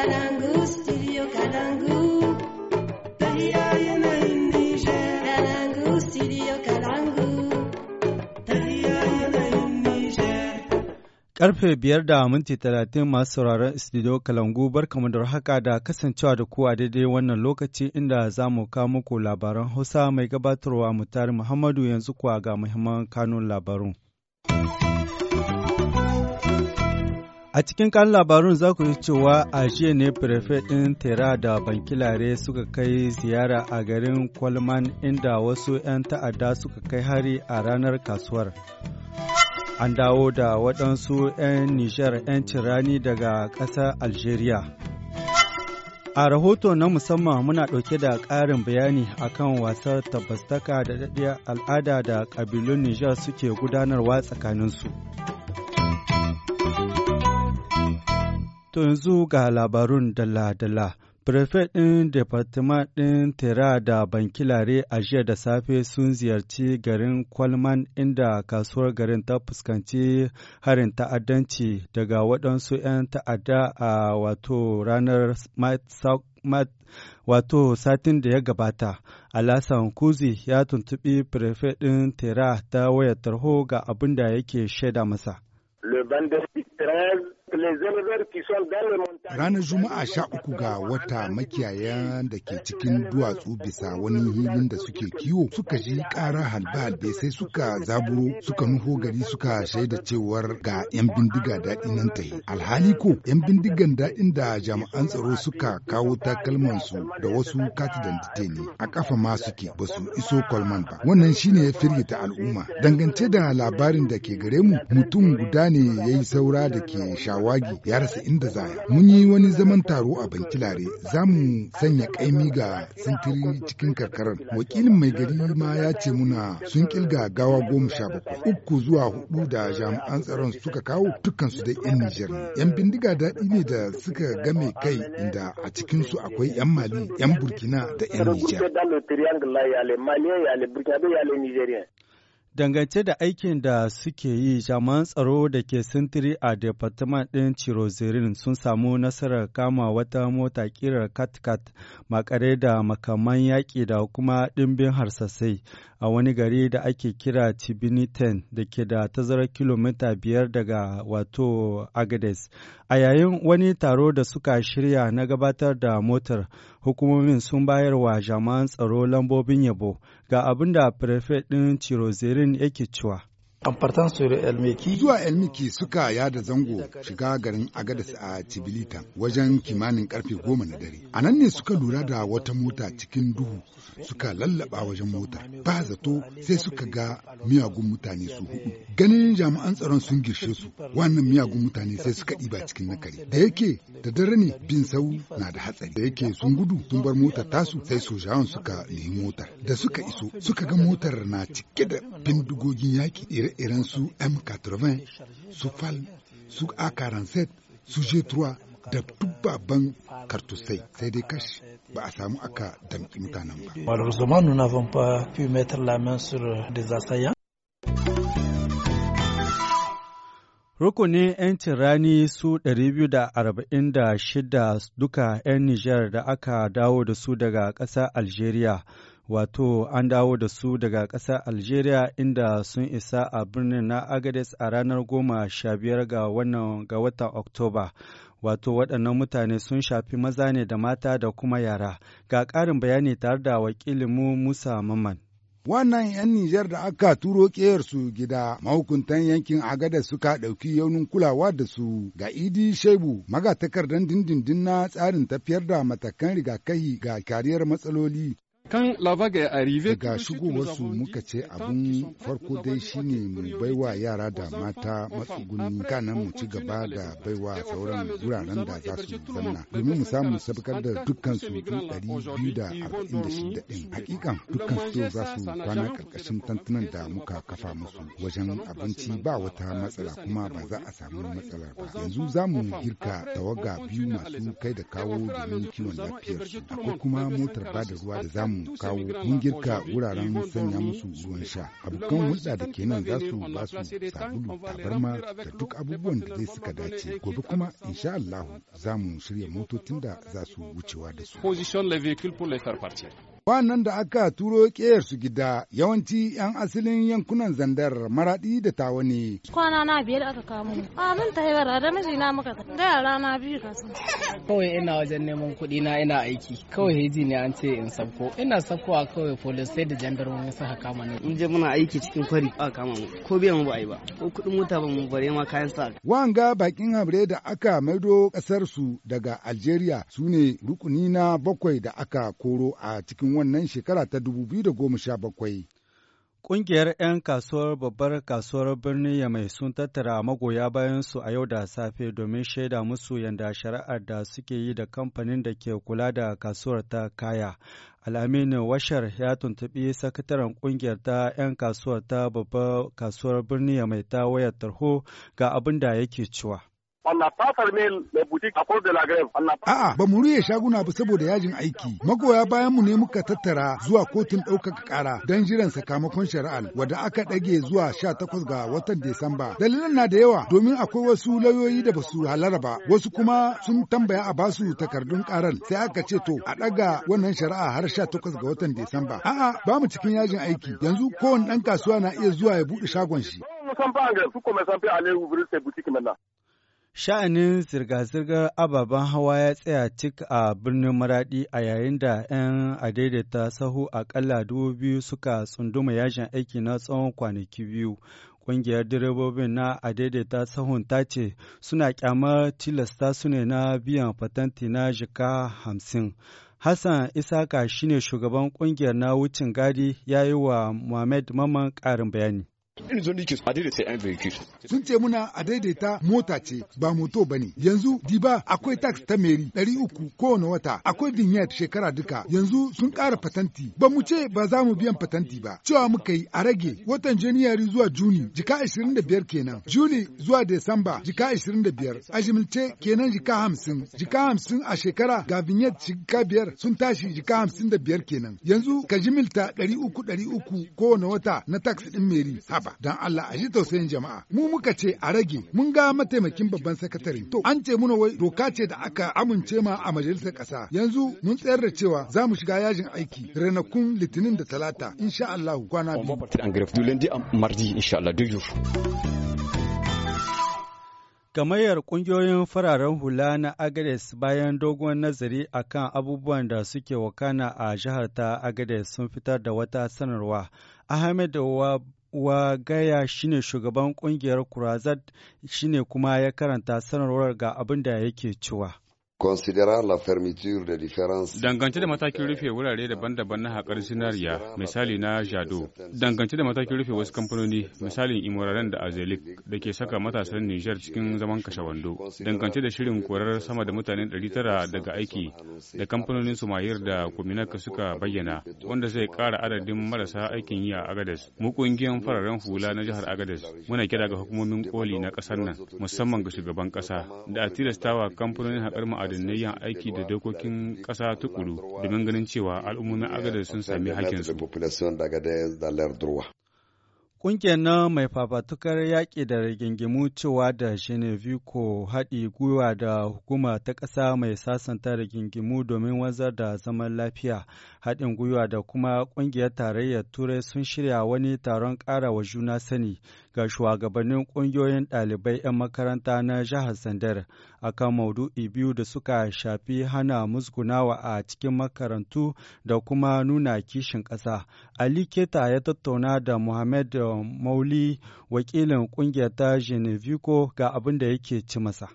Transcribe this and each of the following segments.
Kalangu, Karfe biyar da minti talatin masu sauraron studio Kalangu barkamu da haka da kasancewa da ku a daidai wannan lokaci inda za mu kawo muku labaran Hausa mai gabatarwa mutari Muhammadu yanzu kuwa ga muhimman kanun labarun. A cikin kan labarun za ku yi cewa a jiya ne prefe ɗin Tera da Bankilare suka kai ziyara a garin Kwalman inda wasu 'yan ta'adda suka kai hari a ranar kasuwar. An dawo da waɗansu 'yan Nijar 'yan cirani daga ƙasar Algeria. A rahoto na musamman muna ɗauke da ƙarin bayani a kan wasar tabbastaka da daɗiya al'ada da ƙabilun Nijar suke gudanarwa tsakaninsu. To yanzu ga labarun dala-dala, Prefet ɗin Departement ɗin Tera da Bankilare a jiya da safe sun ziyarci garin Kwalman inda kasuwar garin ta fuskanci harin ta'addanci daga waɗansu 'yan ta'adda a wato ranar wato satin da ya gabata alasan kuzi ya tuntubi prefet ɗin tera ta wayar tarho ga abin da yake shaida masa. Le Ranar Juma'a sha uku ga wata makiyayan da ke cikin duwatsu bisa wani hilin da suke kiwo suka ji ƙara halbe-halbe sai suka zaburo suka nuho gari suka shaida cewar ga 'yan bindiga daɗi nan ta tahi. Alhali ko 'yan bindigan daɗin da jami'an tsaro suka kawo takalmansu da wasu katidan ne a kafa ma suke ba su iso kwalman ba. Wannan shine ya firgita al'umma. Dangance da labarin da ke gare mu mutum guda ne ya yi saura da ke shawo awagi ya rasa inda zaya. Mun yi wani zaman taro a bankilare za mu sanya kaimi ga sintiri cikin karkarar. Wakilin mai gari ma ya ce muna sun kilga gawa goma sha bakwai. Uku zuwa hudu da jami'an tsaron suka kawo dukansu da 'yan Nijar 'Yan bindiga daɗi ne da suka game kai inda a cikinsu akwai 'yan Mali, 'yan Burkina da 'yan Nijar. Dangance da aikin da suke yi, jami'an tsaro da ke sintiri a Departement ɗin Cirozirin sun samu nasarar kama wata mota kirar Katkat makare da makaman yaƙi da kuma ɗimbin harsasai a wani gari da ake kira Tibiniten da ke da tazarar kilomita biyar daga wato Agades. A yayin wani taro da suka shirya na gabatar da motar, hukumomin sun bayar wa jami'an tsaro lambobin yabo ga abin da ɗin Cirozirin birni yake cewa Zuwa Elmiki suka yada zango shiga garin Agadas a Tibilita wajen kimanin karfe goma na dare. A nan ne suka lura da wata mota cikin duhu suka lallaba wajen mota Ba zato sai suka ga miyagun mutane su hudu. Ganin jami'an tsaron sun girshe su wannan miyagun mutane sai suka ɗiba cikin nakari. Da yake da dare ne bin sau na da hatsari. Da yake sun gudu sun bar motar tasu sai sojawan suka nemi motar. Da suka iso suka ga motar na cike da bindigogin yaƙi ire sous su M80, su FAL, su A47, su G3 da duk babban kartusai sai dai kashi ba a samu aka damƙi mutanen ba. Malheureusement, nous n'avons pas pu mettre la main sur des assaillants. Rukunin 'yancin rani su 246 duka 'yan Nijar da aka dawo da su daga ƙasar Algeria wato an dawo da su daga ƙasar Algeria inda sun isa a birnin na Agades a ranar goma sha biyar ga wannan ga watan Oktoba. Wato waɗannan mutane sun shafi maza ne da mata da kuma yara. Ga ƙarin bayani tare da wakilinmu Musa Mamman. Wannan 'yan Nijar da aka turo su gida mahukuntan yankin Agada suka ɗauki yaunin kulawa da su ga Idi Shebu magatakardan dindindin na tsarin tafiyar da matakan rigakahi ga kariyar matsaloli kan Daga shigowarsu muka ce abun farko dai shine mu baiwa yara da mata matsuguni kanan mu ci gaba da baiwa sauran wuraren da za su zanna domin mu samu sabkar da dukkan su biyu da arba'in da shida ɗin. Hakikan dukkan su za su kwana karkashin tantunan da muka kafa musu wajen abinci ba wata matsala kuma ba za a samu matsala ba. Yanzu za mu girka tawaga biyu masu kai da kawo domin kiwon lafiyarsu. Akwai kuma motar ba da ruwa da zamu kawo mun girka wuraren sanya musu ruwan sha abokan hulɗa da kenan za su ba su sabulu tabarma da duk abubuwan da zai suka dace gobe kuma insha Allah za mu shirya motocin da za su wucewa da su. Wannan da aka turo ƙeyar su gida yawanci 'yan asalin yankunan zandar maraɗi da tawa ne. Kwana na biyar aka kamo. A mun ta yara da na muka da yara na biyu kasu. Kawai ina wajen neman kuɗi na ina aiki. Kawai heji ne an ce in sabko. Ina a kawai police sai da ya saka kama ni. In je muna aiki cikin kwari aka kama mu. Ko biya mu ba ai ba. Ko kuɗin mota ba mu bare ma kayan sa. Wanga bakin habre da aka maido ƙasar su daga Algeria su ne rukuni na bakwai da aka koro a cikin wannan shekara ta 2017. Ƙungiyar 'yan kasuwar babbar kasuwar birnin Yamai sun tattara magoya bayan su a yau da safe domin shaida musu yadda shari'ar da suke yi da kamfanin da ke kula da kasuwar ta kaya. Alaminu Washar ya tuntubi sakataren ƙungiyar ta 'yan kasuwar ta babbar kasuwar birnin Yamai ta wayar tarho ga abin da yake cewa. A'a, ba mu ruye shaguna ba saboda yajin aiki. Magoya bayan mu ne muka tattara zuwa kotun ɗaukaka ƙara don jiran sakamakon shari'ar wadda aka ɗage zuwa sha takwas ga watan Desamba. Dalilan na da yawa domin akwai wasu lauyoyi da basu halara ba, wasu kuma sun tambaya a basu takardun ƙarar sai aka ce to a ɗaga wannan shari'a har sha takwas ga watan Desamba. A'a, ba mu cikin yajin aiki. Yanzu kowane ɗan kasuwa na iya zuwa ya buɗe shagon shi. Sha'anin zirga-zirgar ababen hawa ya tsaya cik a birnin Maraɗi a yayin da 'yan adaidaita sahu akalla dubu biyu suka tsunduma yajin aiki na tsawon kwanaki biyu. Ƙungiyar direbobin na adaidaita sahun ta ce suna kyamar tilasta su ne na biyan fatanti na jika hamsin. Hassan Isaka shine shugaban ƙungiyar na wucin gadi ya yi wa Muhammad Maman ƙarin bayani. a daidaita yan vehicle sun ce muna a daidaita mota ce ba moto bane yanzu diba akwai tax ta meri ɗari uku kowane wata akwai vignette shekara duka yanzu sun ƙara patanti ba mu ce ba za mu biyan patanti ba cewa muka yi a rage watan janairu zuwa juni jika 25 kenan juli zuwa desamba jika 25 a jimilce kenan jika 50 jika 50 a shekara ga vignette jika biyar sun tashi jika 55 kenan yanzu ka jimilta 300 300 kowane wata na tax ɗin meri haba Don dan Allah a ji tausayin jama'a mu muka ce a rage mun ga mataimakin babban sakatare to an ce muna wai doka ce da aka amince ma a majalisar ƙasa yanzu mun tsayar da cewa za mu shiga yajin aiki ranakun litinin da talata insha Allah kwana biyu Gamayyar ƙungiyoyin fararen hula na Agades bayan dogon nazari a kan abubuwan da suke wakana a jihar ta Agades sun fitar da wata sanarwa. Ahmed Wa Wagaya shine shugaban kungiyar Kurazat shine kuma ya karanta sanarwar ga abin da yake cewa. Dangance da matakin rufe wurare daban-daban na haƙar sinariya misali na Jado. Dangance da matakin rufe wasu kamfanoni, misalin Imoraren da Azelik, da ke saka matasan Nijar cikin zaman kashe wando. Dangance da shirin korar sama da mutane 900 daga aiki da kamfanonin Sumayir da Kuminaka suka bayyana, wanda zai ƙara adadin marasa aikin yi a Agadez. Mu ƙungiyar fararen hula na jihar Agadez, muna kira ga hukumomin koli na ƙasar nan, musamman ga shugaban ƙasa, da a tilastawa kamfanonin haƙar ma'adanai da yin aiki da dokokin ƙasa tukuru domin ganin cewa al'ummomin agadar sun sami hakinsu. Ƙungiyar nan mai fafatukar yaƙi da rigingimu cewa da ko haɗi gwiwa da hukuma ta ƙasa mai sasanta rigingimu domin wanzar da zaman lafiya haɗin gwiwa da kuma ƙungiyar tarayyar turai sun shirya wani taron ƙara wa juna sani ga shugabannin ƙungiyoyin ɗalibai 'yan makaranta na jihar sandar kan maudu'i biyu da suka shafi hana musgunawa a cikin makarantu da kuma nuna kishin ƙasa ali keta ya tattauna da muhammad mauli wakilin ƙungiyar ta genevico ga abin da yake ci masa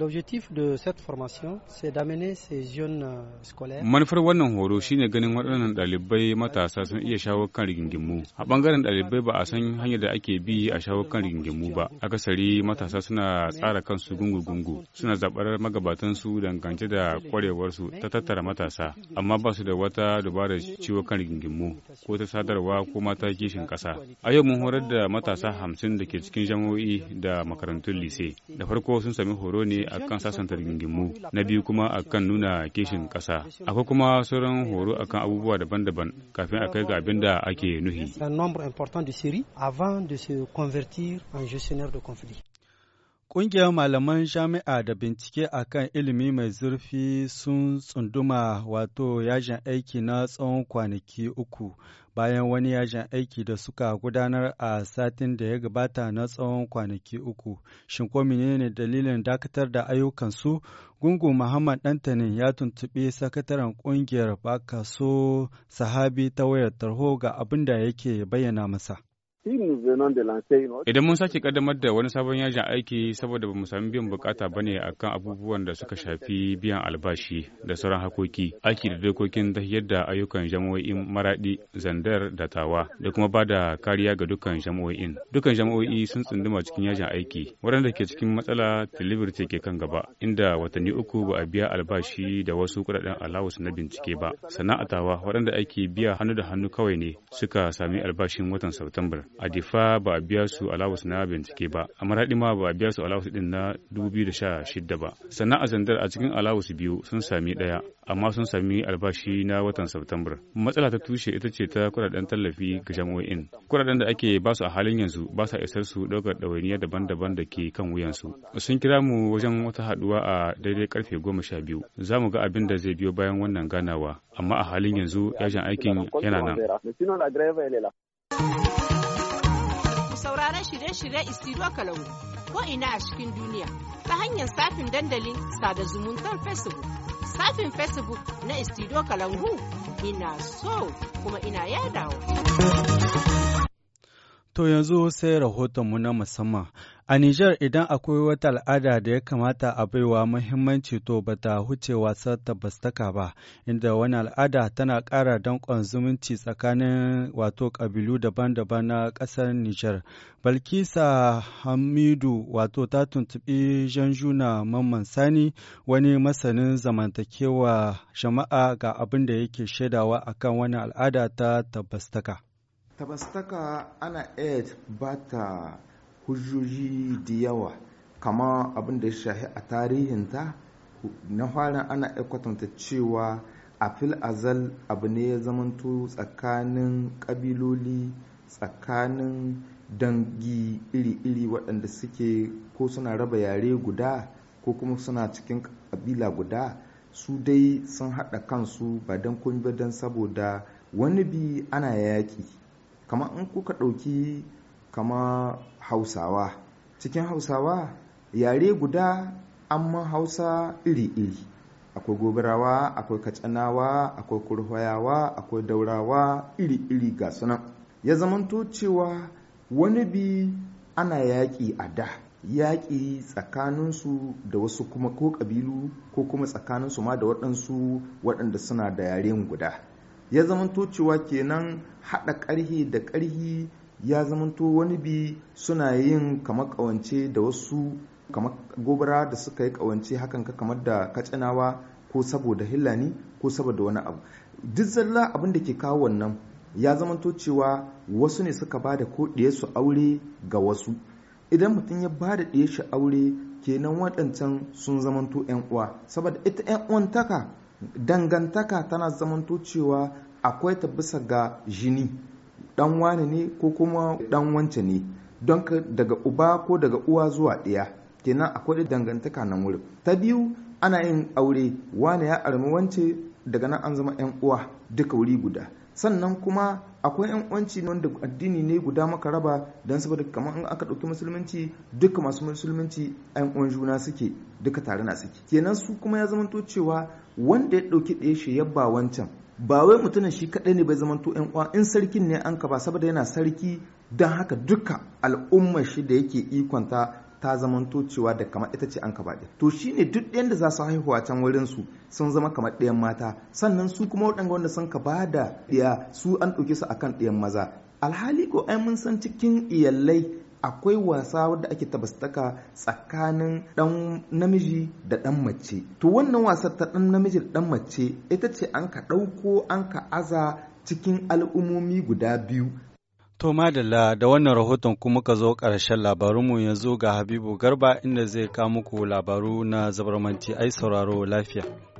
L'objectif de cette formation c'est d'amener ces jeunes euh, scolaires Manufar wannan horo shine ganin waɗannan ɗalibai matasa sun iya shawo kan rigingimu. A bangaren ɗalibai ba a san hanyar da ake bi a shawo kan rigingimu ba. Akasari matasa suna tsara kansu gungu-gungu, suna zaɓar magabatan su dangance da kwarewarsu ta tattara matasa, amma ba su da wata dabarar ciwo kan rigingimu ko ta sadarwa ko mata kishin ƙasa. A yau mun horar da matasa hamsin da ke cikin jami'o'i da makarantun lise. Da farko sun sami horo ne ne akan rigingimu na biyu kuma a kan nuna kishin ƙasa akwai kuma sauran horo a kan abubuwa daban-daban kafin a kai ga abin da ake nuhi Ƙungiyar malaman jami'a da bincike a kan ilimi mai zurfi sun tsunduma wato yajin aiki na tsawon kwanaki uku. bayan wani yajin aiki da suka gudanar a satin da ya gabata na tsawon kwanaki uku. Shin ko menene dalilin dakatar da ayyukansu? Gungu Muhammad Dantanin ya tuntuɓi sakataren ƙungiyar so Sahabi ta wayar tarho ga abin da yake bayyana masa. Idan mun sake kaddamar da wani sabon yajin aiki saboda ba mu sami biyan bukata ba ne akan abubuwan da suka shafi biyan albashi da sauran hakoki, aiki da dokokin ta yadda ayyukan jama'o'in maradi, zandar da tawa da kuma ba da kariya ga dukkan jama'o'in. Dukkan jama'o'i sun tsunduma cikin yajin aiki, waɗanda ke cikin matsala tilibirce ke kan gaba, inda watanni uku ba a biya albashi da wasu kuɗaɗen alawus na bincike ba. sana'a tawa waɗanda aiki biya hannu da hannu kawai ne suka sami albashin watan Satumbar. a difa ba a biya su alawus na bincike ba a maraɗi ma ba a biya su alawus ɗin na 2016 ba sannan a zandar a cikin alawus biyu sun sami ɗaya amma sun sami albashi na watan Satumbar. Matsala ta tushe ita ce ta kudaden tallafi ga jami'o'in. Kudaden da ake ba su a halin yanzu ba sa isar su ɗaukar ɗawainiya daban-daban da ke kan wuyansu. Sun kira mu wajen wata haɗuwa a daidai karfe goma sha biyu. Za mu ga abin da zai biyo bayan wannan ganawa, amma a halin yanzu yajin aikin yana nan. sauraron shirye-shirye Isiruwa Kalangu ko ina a cikin duniya ta hanyar safin dandalin sada zumuntar Facebook. Safin Facebook na Isiruwa Kalangu ina so kuma ina yadawa. To yanzu sai rahotonmu na musamman A Nijar idan akwai wata al'ada da ya kamata a baiwa muhimmanci to ba ta huce wasar tabbastaka ba, inda wani al'ada tana ƙara danƙon zumunci tsakanin wato ƙabilu daban-daban na ƙasar Nijar. Balkisa Hamidu wato ta tuntuɓi Janjuna Mamman Sani wani masanin zamantakewa jama'a ga abin da yake shaidawa akan wani al'ada ta tabbastaka. Tabbastaka ana ba ta hujjoji da yawa kama abin da ya shahi a tarihinta na fara ana kwatanta cewa a fil azal abu ne ya zamanto tsakanin ƙabiloli tsakanin dangi iri-iri waɗanda suke ko suna raba yare guda ko kuma suna cikin ƙabila guda su dai sun haɗa kansu ba don komi don saboda wani bi ana yaƙi kamar in kuka ɗauki kama hausawa cikin hausawa yare guda amma hausa iri-iri akwai gobarawa akwai kacanawa akwai kurhoyawa akwai daurawa iri-iri ga sunan ya zamanto cewa wani bi ana yaƙi a da yaƙi tsakaninsu da wasu kuma ko ƙabilu ko kuma tsakaninsu ma da waɗansu waɗanda suna da yaren guda ya zamanto cewa kenan haɗa ƙarhe da ƙarhi ya zamanto wani bi suna yin kamar kawance da wasu kamar gobara da suka yi kawance hakan ka kamar da kacanawa ko saboda hillani ko saboda wani abu duk zalla abin da ke kawo wannan ya zamanto cewa wasu ne suka ba da ko su aure ga wasu idan mutum ya ba da shi aure kenan waɗancan sun zamanto 'yan uwa saboda ita 'yan uwantaka dangantaka tana zamanto cewa akwai ta bisa ga jini dan wani ne ko kuma dan wance ne don daga uba ko daga uwa zuwa ɗaya kenan akwai dangantaka na wurin ta biyu ana yin aure wani ya armi wance daga nan an zama 'yan uwa duka wuri guda sannan kuma akwai 'yan na wanda addini ne guda maka raba don saboda kamar in aka ɗauki musulunci duka masu musulunci 'yan uwan juna suke duka tare na suke kenan su kuma ya zamanto cewa wanda ya ɗauki ɗaya shi yabba wancan ba wai mutumin shi kaɗai ne bai to yan uwa in sarkin ne an ba saboda yana sarki don haka duka al'ummar shi da yake ikonta ta zamanto cewa da kamar ita ce an kaba ba to shine duk ɗayan da za su haihuwa can wurin su sun zama kamar ɗayan mata sannan su kuma waɗanda wanda sun ka ba da ɗiya su an ɗauke su akan ɗayan maza alhali ko ai mun san cikin iyalai akwai wasa wadda ake tabastaka tsakanin dan namiji da dan mace to wannan wasar ta dan namiji da dan mace ita ce an ka ɗauko an ka aza cikin al'ummomi guda biyu To madalla da wannan rahoton kuma ka zo ƙarshen labarunmu yanzu ga Habibu Garba inda zai kawo muku labaru na zabarmanci ai sauraro lafiya.